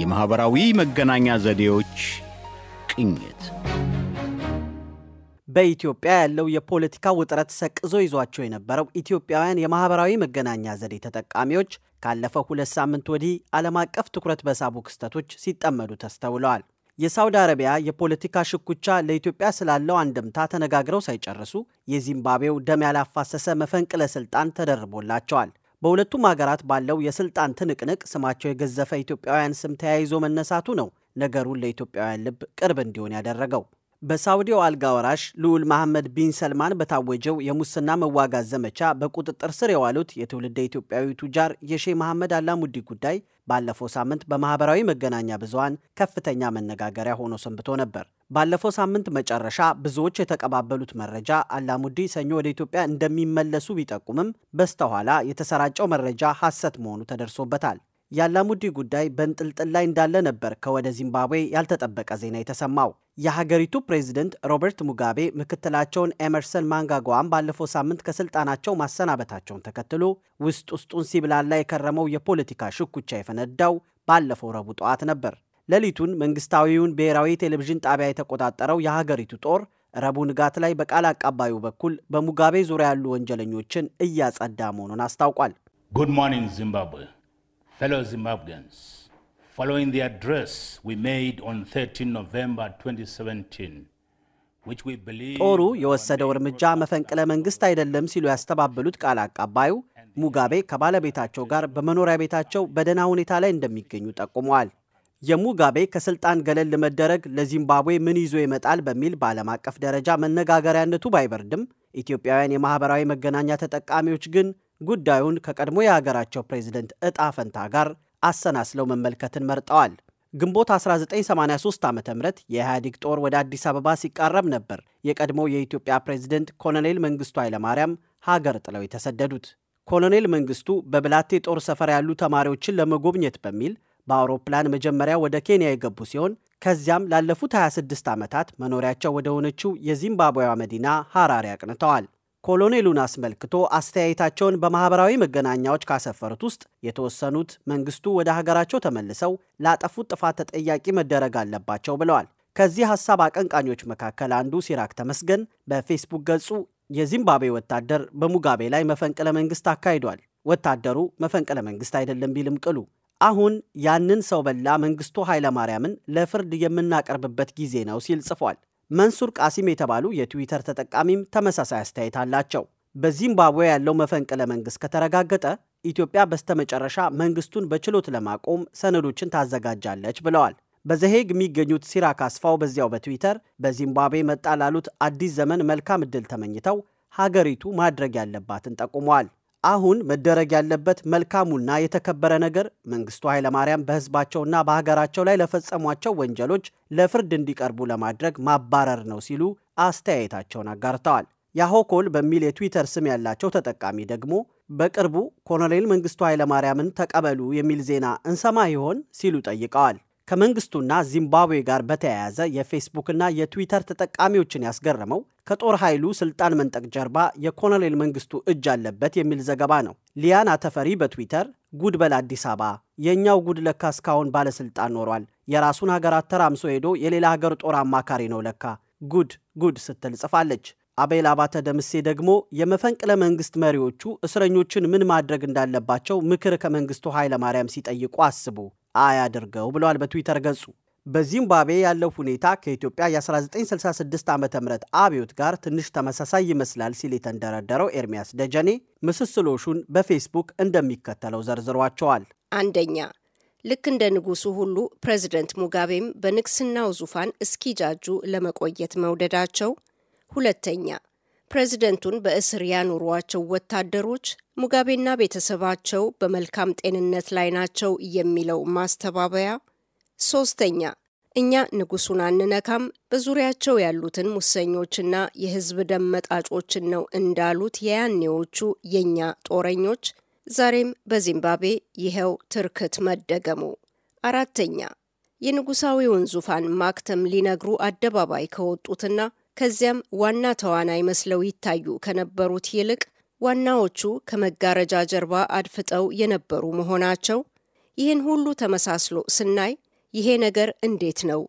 የማኅበራዊ መገናኛ ዘዴዎች ቅኝት በኢትዮጵያ ያለው የፖለቲካ ውጥረት ሰቅዞ ይዟቸው የነበረው ኢትዮጵያውያን የማኅበራዊ መገናኛ ዘዴ ተጠቃሚዎች ካለፈው ሁለት ሳምንት ወዲህ ዓለም አቀፍ ትኩረት በሳቡ ክስተቶች ሲጠመዱ ተስተውለዋል። የሳውዲ አረቢያ የፖለቲካ ሽኩቻ ለኢትዮጵያ ስላለው አንድምታ ተነጋግረው ሳይጨርሱ የዚምባብዌው ደም ያላፋሰሰ መፈንቅለ ሥልጣን ተደርቦላቸዋል። በሁለቱም ሀገራት ባለው የስልጣን ትንቅንቅ ስማቸው የገዘፈ ኢትዮጵያውያን ስም ተያይዞ መነሳቱ ነው ነገሩን ለኢትዮጵያውያን ልብ ቅርብ እንዲሆን ያደረገው። በሳውዲው አልጋ ወራሽ ልዑል መሐመድ ቢን ሰልማን በታወጀው የሙስና መዋጋት ዘመቻ በቁጥጥር ስር የዋሉት የትውልደ ኢትዮጵያዊ ቱጃር የሼህ መሐመድ አላሙዲ ጉዳይ ባለፈው ሳምንት በማኅበራዊ መገናኛ ብዙሃን ከፍተኛ መነጋገሪያ ሆኖ ሰንብቶ ነበር። ባለፈው ሳምንት መጨረሻ ብዙዎች የተቀባበሉት መረጃ አላሙዲ ሰኞ ወደ ኢትዮጵያ እንደሚመለሱ ቢጠቁምም በስተኋላ የተሰራጨው መረጃ ሐሰት መሆኑ ተደርሶበታል። የአላሙዲ ጉዳይ በንጥልጥል ላይ እንዳለ ነበር ከወደ ዚምባብዌ ያልተጠበቀ ዜና የተሰማው። የሀገሪቱ ፕሬዚደንት ሮበርት ሙጋቤ ምክትላቸውን ኤመርሰን ማንጋጓም ባለፈው ሳምንት ከስልጣናቸው ማሰናበታቸውን ተከትሎ ውስጥ ውስጡን ሲብላላ የከረመው የፖለቲካ ሽኩቻ የፈነዳው ባለፈው ረቡዕ ጠዋት ነበር። ሌሊቱን መንግስታዊውን ብሔራዊ ቴሌቪዥን ጣቢያ የተቆጣጠረው የሀገሪቱ ጦር ረቡ ንጋት ላይ በቃል አቀባዩ በኩል በሙጋቤ ዙሪያ ያሉ ወንጀለኞችን እያጸዳ መሆኑን አስታውቋል። ጉድ ሞርኒንግ ዚምባብዌ ፌሎ ዚምባብዌንስ ፎሎዊንግ ዘ አድሬስ ዊ ሜድ ኦን 13 ኖቬምበር 2017 ጦሩ የወሰደው እርምጃ መፈንቅለ መንግስት አይደለም ሲሉ ያስተባበሉት ቃል አቀባዩ ሙጋቤ ከባለቤታቸው ጋር በመኖሪያ ቤታቸው በደህና ሁኔታ ላይ እንደሚገኙ ጠቁመዋል። የሙጋቤ ከስልጣን ገለል መደረግ ለዚምባብዌ ምን ይዞ ይመጣል በሚል በዓለም አቀፍ ደረጃ መነጋገሪያነቱ ባይበርድም ኢትዮጵያውያን የማህበራዊ መገናኛ ተጠቃሚዎች ግን ጉዳዩን ከቀድሞ የሀገራቸው ፕሬዝደንት እጣ ፈንታ ጋር አሰናስለው መመልከትን መርጠዋል። ግንቦት 1983 ዓ ም የኢህአዴግ ጦር ወደ አዲስ አበባ ሲቃረብ ነበር የቀድሞው የኢትዮጵያ ፕሬዝደንት ኮሎኔል መንግስቱ ኃይለማርያም ሀገር ጥለው የተሰደዱት። ኮሎኔል መንግስቱ በብላቴ ጦር ሰፈር ያሉ ተማሪዎችን ለመጎብኘት በሚል በአውሮፕላን መጀመሪያ ወደ ኬንያ የገቡ ሲሆን ከዚያም ላለፉት 26 ዓመታት መኖሪያቸው ወደ ሆነችው የዚምባብዌዋ መዲና ሐራሪ አቅንተዋል። ኮሎኔሉን አስመልክቶ አስተያየታቸውን በማኅበራዊ መገናኛዎች ካሰፈሩት ውስጥ የተወሰኑት መንግስቱ ወደ ሀገራቸው ተመልሰው ላጠፉት ጥፋት ተጠያቂ መደረግ አለባቸው ብለዋል። ከዚህ ሐሳብ አቀንቃኞች መካከል አንዱ ሲራክ ተመስገን በፌስቡክ ገጹ የዚምባብዌ ወታደር በሙጋቤ ላይ መፈንቅለ መንግስት አካሂዷል፣ ወታደሩ መፈንቅለ መንግስት አይደለም ቢልም ቅሉ አሁን ያንን ሰው በላ መንግስቱ ኃይለማርያምን ለፍርድ የምናቀርብበት ጊዜ ነው ሲል ጽፏል። መንሱር ቃሲም የተባሉ የትዊተር ተጠቃሚም ተመሳሳይ አስተያየት አላቸው። በዚምባብዌ ያለው መፈንቅለ መንግስት ከተረጋገጠ ኢትዮጵያ በስተመጨረሻ መንግስቱን በችሎት ለማቆም ሰነዶችን ታዘጋጃለች ብለዋል። በዘሄግ የሚገኙት ሲራክ አስፋው በዚያው በትዊተር በዚምባብዌ መጣ ላሉት አዲስ ዘመን መልካም ዕድል ተመኝተው ሀገሪቱ ማድረግ ያለባትን ጠቁመዋል። አሁን መደረግ ያለበት መልካሙና የተከበረ ነገር መንግስቱ ኃይለማርያም በህዝባቸውና በሀገራቸው ላይ ለፈጸሟቸው ወንጀሎች ለፍርድ እንዲቀርቡ ለማድረግ ማባረር ነው ሲሉ አስተያየታቸውን አጋርተዋል። ያሆኮል በሚል የትዊተር ስም ያላቸው ተጠቃሚ ደግሞ በቅርቡ ኮሎኔል መንግስቱ ኃይለማርያምን ተቀበሉ የሚል ዜና እንሰማ ይሆን ሲሉ ጠይቀዋል። ከመንግስቱና ዚምባብዌ ጋር በተያያዘ የፌስቡክና የትዊተር ተጠቃሚዎችን ያስገረመው ከጦር ኃይሉ ስልጣን መንጠቅ ጀርባ የኮሎኔል መንግስቱ እጅ አለበት የሚል ዘገባ ነው። ሊያና ተፈሪ በትዊተር ጉድ በል አዲስ አበባ፣ የእኛው ጉድ ለካ እስካሁን ባለስልጣን ኖሯል። የራሱን ሀገር አተራምሶ ሄዶ የሌላ ሀገር ጦር አማካሪ ነው ለካ ጉድ ጉድ ስትል ጽፋለች። አቤል አባተ ደምሴ ደግሞ የመፈንቅለ መንግስት መሪዎቹ እስረኞችን ምን ማድረግ እንዳለባቸው ምክር ከመንግስቱ ኃይለማርያም ሲጠይቁ አስቡ አያድርገው ብለዋል በትዊተር ገጹ። በዚምባብዌ ያለው ሁኔታ ከኢትዮጵያ የ1966 ዓ ም አብዮት ጋር ትንሽ ተመሳሳይ ይመስላል ሲል የተንደረደረው ኤርሚያስ ደጀኔ ምስስሎሹን በፌስቡክ እንደሚከተለው ዘርዝሯቸዋል። አንደኛ ልክ እንደ ንጉሱ ሁሉ ፕሬዚደንት ሙጋቤም በንግስናው ዙፋን እስኪጃጁ ለመቆየት መውደዳቸው። ሁለተኛ ፕሬዚደንቱን በእስር ያኖሯቸው ወታደሮች ሙጋቤና ቤተሰባቸው በመልካም ጤንነት ላይ ናቸው የሚለው ማስተባበያ። ሶስተኛ እኛ ንጉሱን አንነካም፣ በዙሪያቸው ያሉትን ሙሰኞችና የህዝብ ደም መጣጮችን ነው እንዳሉት የያኔዎቹ የእኛ ጦረኞች። ዛሬም በዚምባብዌ ይኸው ትርክት መደገሙ። አራተኛ የንጉሳዊውን ዙፋን ማክተም ሊነግሩ አደባባይ ከወጡትና ከዚያም ዋና ተዋናይ መስለው ይታዩ ከነበሩት ይልቅ ዋናዎቹ ከመጋረጃ ጀርባ አድፍጠው የነበሩ መሆናቸው ይህን ሁሉ ተመሳስሎ ስናይ ይሄ ነገር እንዴት ነው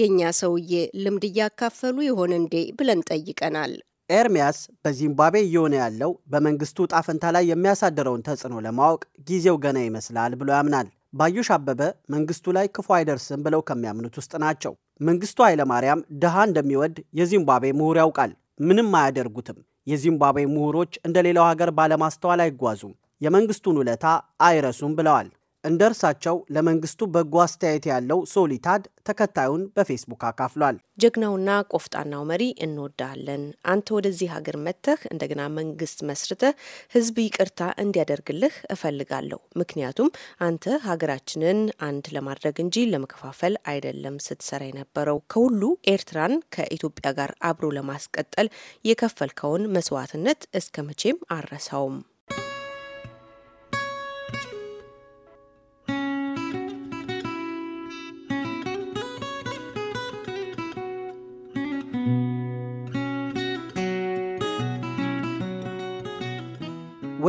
የእኛ ሰውዬ ልምድ እያካፈሉ ይሆን እንዴ ብለን ጠይቀናል። ኤርሚያስ በዚምባብዌ እየሆነ ያለው በመንግስቱ ጣፈንታ ላይ የሚያሳድረውን ተጽዕኖ ለማወቅ ጊዜው ገና ይመስላል ብሎ ያምናል። ባዩሽ አበበ መንግስቱ ላይ ክፉ አይደርስም ብለው ከሚያምኑት ውስጥ ናቸው። መንግስቱ ኃይለማርያም ድሃ እንደሚወድ የዚምባብዌ ምሁር ያውቃል። ምንም አያደርጉትም። የዚምባብዌ ምሁሮች እንደ ሌላው ሀገር ባለማስተዋል አይጓዙም፣ የመንግስቱን ውለታ አይረሱም ብለዋል። እንደ እርሳቸው ለመንግስቱ በጎ አስተያየት ያለው ሶሊታድ ተከታዩን በፌስቡክ አካፍሏል። ጀግናውና ቆፍጣናው መሪ እንወዳለን። አንተ ወደዚህ ሀገር መጥተህ እንደገና መንግስት መስርተህ ህዝብ ይቅርታ እንዲያደርግልህ እፈልጋለሁ። ምክንያቱም አንተ ሀገራችንን አንድ ለማድረግ እንጂ ለመከፋፈል አይደለም ስትሰራ የነበረው። ከሁሉ ኤርትራን ከኢትዮጵያ ጋር አብሮ ለማስቀጠል የከፈልከውን መስዋዕትነት እስከ መቼም አረሳውም።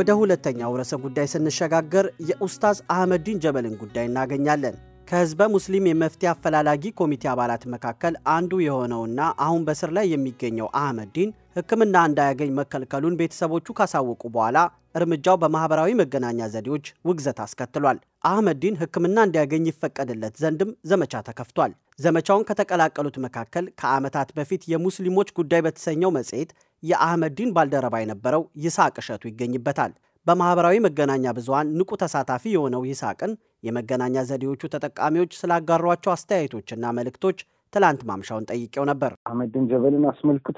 ወደ ሁለተኛው ርዕሰ ጉዳይ ስንሸጋገር የኡስታዝ አህመዲን ጀበልን ጉዳይ እናገኛለን። ከህዝበ ሙስሊም የመፍትሄ አፈላላጊ ኮሚቴ አባላት መካከል አንዱ የሆነውና አሁን በስር ላይ የሚገኘው አህመዲን ሕክምና እንዳያገኝ መከልከሉን ቤተሰቦቹ ካሳወቁ በኋላ እርምጃው በማህበራዊ መገናኛ ዘዴዎች ውግዘት አስከትሏል። አህመዲን ሕክምና እንዲያገኝ ይፈቀድለት ዘንድም ዘመቻ ተከፍቷል። ዘመቻውን ከተቀላቀሉት መካከል ከዓመታት በፊት የሙስሊሞች ጉዳይ በተሰኘው መጽሔት የአህመዲን ባልደረባ የነበረው ይስሐቅ እሸቱ ይገኝበታል። በማኅበራዊ መገናኛ ብዙሃን ንቁ ተሳታፊ የሆነው ይስሐቅን የመገናኛ ዘዴዎቹ ተጠቃሚዎች ስላጋሯቸው አስተያየቶችና መልእክቶች ትላንት ማምሻውን ጠይቄው ነበር። አህመዲን ጀበልን አስመልክቶ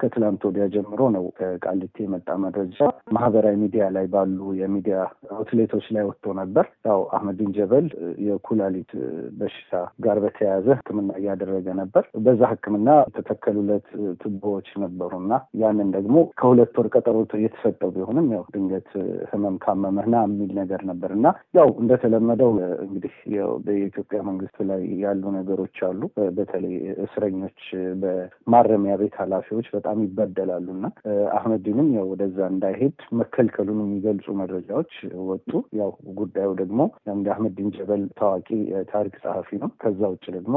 ከትላንት ወዲያ ጀምሮ ነው ከቃሊቲ የመጣ መረጃ ማህበራዊ ሚዲያ ላይ ባሉ የሚዲያ አውትሌቶች ላይ ወጥቶ ነበር። ያው አህመዲን ጀበል የኩላሊት በሽታ ጋር በተያያዘ ሕክምና እያደረገ ነበር። በዛ ሕክምና የተተከሉለት ቱቦዎች ነበሩና ያንን ደግሞ ከሁለት ወር ቀጠሮ እየተሰጠው ቢሆንም ያው ድንገት ህመም ካመመህና የሚል ነገር ነበር እና ያው እንደተለመደው እንግዲህ የኢትዮጵያ መንግስት ላይ ያሉ ነገሮች አሉ በተለይ እስረኞች በማረሚያ ቤት ኃላፊዎች በጣም ይበደላሉ እና አህመዲንም ያው ወደዛ እንዳይሄድ መከልከሉን የሚገልጹ መረጃዎች ወጡ። ያው ጉዳዩ ደግሞ የአምድ አህመዲን ጀበል ታዋቂ ታሪክ ጸሐፊ ነው። ከዛ ውጭ ደግሞ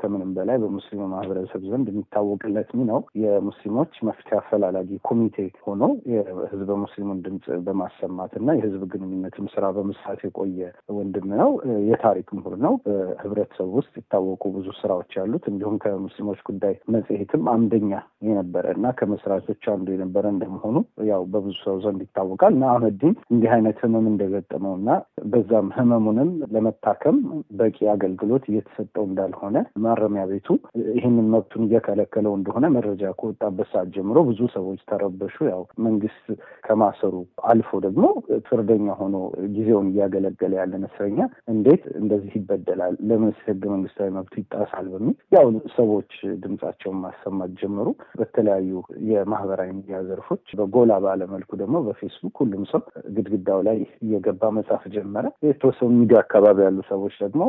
ከምንም በላይ በሙስሊሙ ማህበረሰብ ዘንድ የሚታወቅለት ሚናው የሙስሊሞች መፍትሄ አፈላላጊ ኮሚቴ ሆኖ የህዝበ ሙስሊሙን ድምፅ በማሰማት እና የህዝብ ግንኙነትም ስራ በመስራት የቆየ ወንድም ነው። የታሪክ ምሁር ነው። በህብረተሰብ ውስጥ ይታወቁ ብዙ ስራዎች ያሉ ያሉት እንዲሁም ከሙስሊሞች ጉዳይ መጽሔትም አምደኛ የነበረ እና ከመስራቾች አንዱ የነበረ እንደመሆኑ ያው በብዙ ሰው ዘንድ ይታወቃል እና አህመዲን እንዲህ አይነት ህመም እንደገጠመው እና በዛም ህመሙንም ለመታከም በቂ አገልግሎት እየተሰጠው እንዳልሆነ ማረሚያ ቤቱ ይህንን መብቱን እየከለከለው እንደሆነ መረጃ ከወጣበት ሰዓት ጀምሮ ብዙ ሰዎች ተረበሹ። ያው መንግስት ከማሰሩ አልፎ ደግሞ ፍርደኛ ሆኖ ጊዜውን እያገለገለ ያለን እስረኛ እንዴት እንደዚህ ይበደላል? ለምንስ ህገ መንግስታዊ መብቱ ይጣሳል? በሚል ያው ሰዎች ድምጻቸውን ማሰማት ጀመሩ። በተለያዩ የማህበራዊ ሚዲያ ዘርፎች በጎላ ባለመልኩ ደግሞ በፌስቡክ ሁሉም ሰው ግድግዳው ላይ እየገባ መጻፍ ጀመረ። የተወሰኑ ሚዲያ አካባቢ ያሉ ሰዎች ደግሞ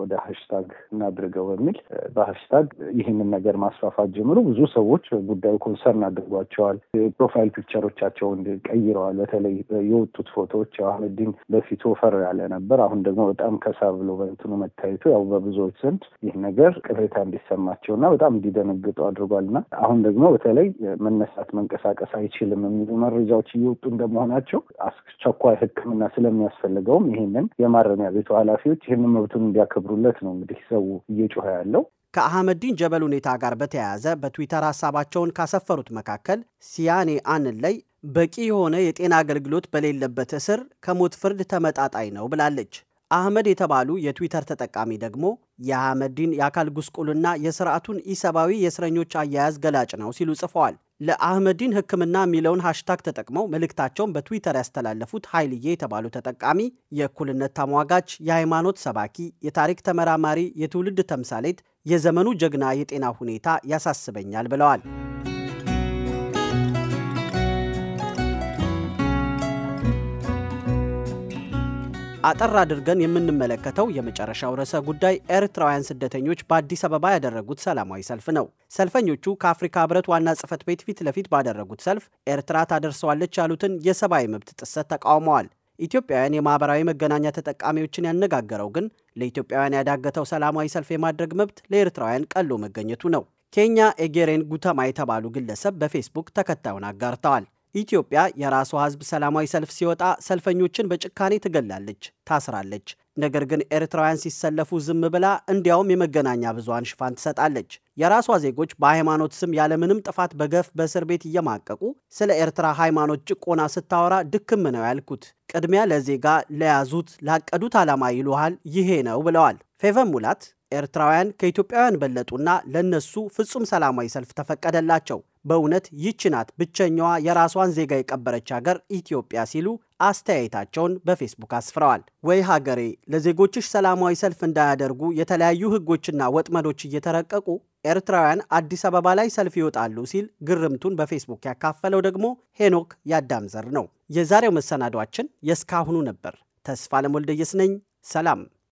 ወደ ሀሽታግ እናድርገው በሚል በሀሽታግ ይህንን ነገር ማስፋፋት ጀምሩ። ብዙ ሰዎች ጉዳዩ ኮንሰርን አድርጓቸዋል። ፕሮፋይል ፒክቸሮቻቸውን ቀይረዋል። በተለይ የወጡት ፎቶዎች አህመዲን በፊት ወፈር ያለ ነበር። አሁን ደግሞ በጣም ከሳ ብሎ በእንትኑ መታየቱ ያው በብዙዎች ዘንድ ይህ ነገር ቅሬታ እፎይታ እንዲሰማቸው እና በጣም እንዲደነግጡ አድርጓል እና አሁን ደግሞ በተለይ መነሳት መንቀሳቀስ አይችልም የሚሉ መረጃዎች እየወጡ እንደመሆናቸው አስቸኳይ ሕክምና ስለሚያስፈልገውም ይህንን የማረሚያ ቤቱ ኃላፊዎች ይህንን መብቱን እንዲያከብሩለት ነው እንግዲህ ሰው እየጮኸ ያለው። ከአህመዲን ጀበል ሁኔታ ጋር በተያያዘ በትዊተር ሀሳባቸውን ካሰፈሩት መካከል ሲያኔ አንን ላይ በቂ የሆነ የጤና አገልግሎት በሌለበት እስር ከሞት ፍርድ ተመጣጣኝ ነው ብላለች። አህመድ የተባሉ የትዊተር ተጠቃሚ ደግሞ የአህመዲን የአካል ጉስቁልና የስርዓቱን ኢሰብአዊ የእስረኞች አያያዝ ገላጭ ነው ሲሉ ጽፈዋል። ለአህመዲን ሕክምና የሚለውን ሃሽታግ ተጠቅመው መልእክታቸውን በትዊተር ያስተላለፉት ኃይልዬ የተባሉ ተጠቃሚ የእኩልነት ተሟጋች፣ የሃይማኖት ሰባኪ፣ የታሪክ ተመራማሪ፣ የትውልድ ተምሳሌት፣ የዘመኑ ጀግና የጤና ሁኔታ ያሳስበኛል ብለዋል። አጠር አድርገን የምንመለከተው የመጨረሻው ርዕሰ ጉዳይ ኤርትራውያን ስደተኞች በአዲስ አበባ ያደረጉት ሰላማዊ ሰልፍ ነው። ሰልፈኞቹ ከአፍሪካ ህብረት ዋና ጽህፈት ቤት ፊት ለፊት ባደረጉት ሰልፍ ኤርትራ ታደርሰዋለች ያሉትን የሰብአዊ መብት ጥሰት ተቃውመዋል። ኢትዮጵያውያን የማህበራዊ መገናኛ ተጠቃሚዎችን ያነጋገረው ግን ለኢትዮጵያውያን ያዳገተው ሰላማዊ ሰልፍ የማድረግ መብት ለኤርትራውያን ቀሎ መገኘቱ ነው። ኬንያ ኤጌሬን ጉተማ የተባሉ ግለሰብ በፌስቡክ ተከታዩን አጋርተዋል። ኢትዮጵያ የራሷ ህዝብ ሰላማዊ ሰልፍ ሲወጣ ሰልፈኞችን በጭካኔ ትገላለች፣ ታስራለች። ነገር ግን ኤርትራውያን ሲሰለፉ ዝም ብላ እንዲያውም የመገናኛ ብዙሃን ሽፋን ትሰጣለች። የራሷ ዜጎች በሃይማኖት ስም ያለምንም ጥፋት በገፍ በእስር ቤት እየማቀቁ ስለ ኤርትራ ሃይማኖት ጭቆና ስታወራ ድክም ነው ያልኩት። ቅድሚያ ለዜጋ ለያዙት ላቀዱት ዓላማ ይሉሃል ይሄ ነው ብለዋል። ፌቨን ሙላት ኤርትራውያን ከኢትዮጵያውያን በለጡና ለነሱ ፍጹም ሰላማዊ ሰልፍ ተፈቀደላቸው። በእውነት ይህች ናት ብቸኛዋ የራሷን ዜጋ የቀበረች ሀገር ኢትዮጵያ ሲሉ አስተያየታቸውን በፌስቡክ አስፍረዋል። ወይ ሀገሬ፣ ለዜጎችሽ ሰላማዊ ሰልፍ እንዳያደርጉ የተለያዩ ሕጎችና ወጥመዶች እየተረቀቁ ኤርትራውያን አዲስ አበባ ላይ ሰልፍ ይወጣሉ ሲል ግርምቱን በፌስቡክ ያካፈለው ደግሞ ሄኖክ ያዳምዘር ነው። የዛሬው መሰናዷችን የእስካሁኑ ነበር። ተስፋ ለሞልደየስ ነኝ። ሰላም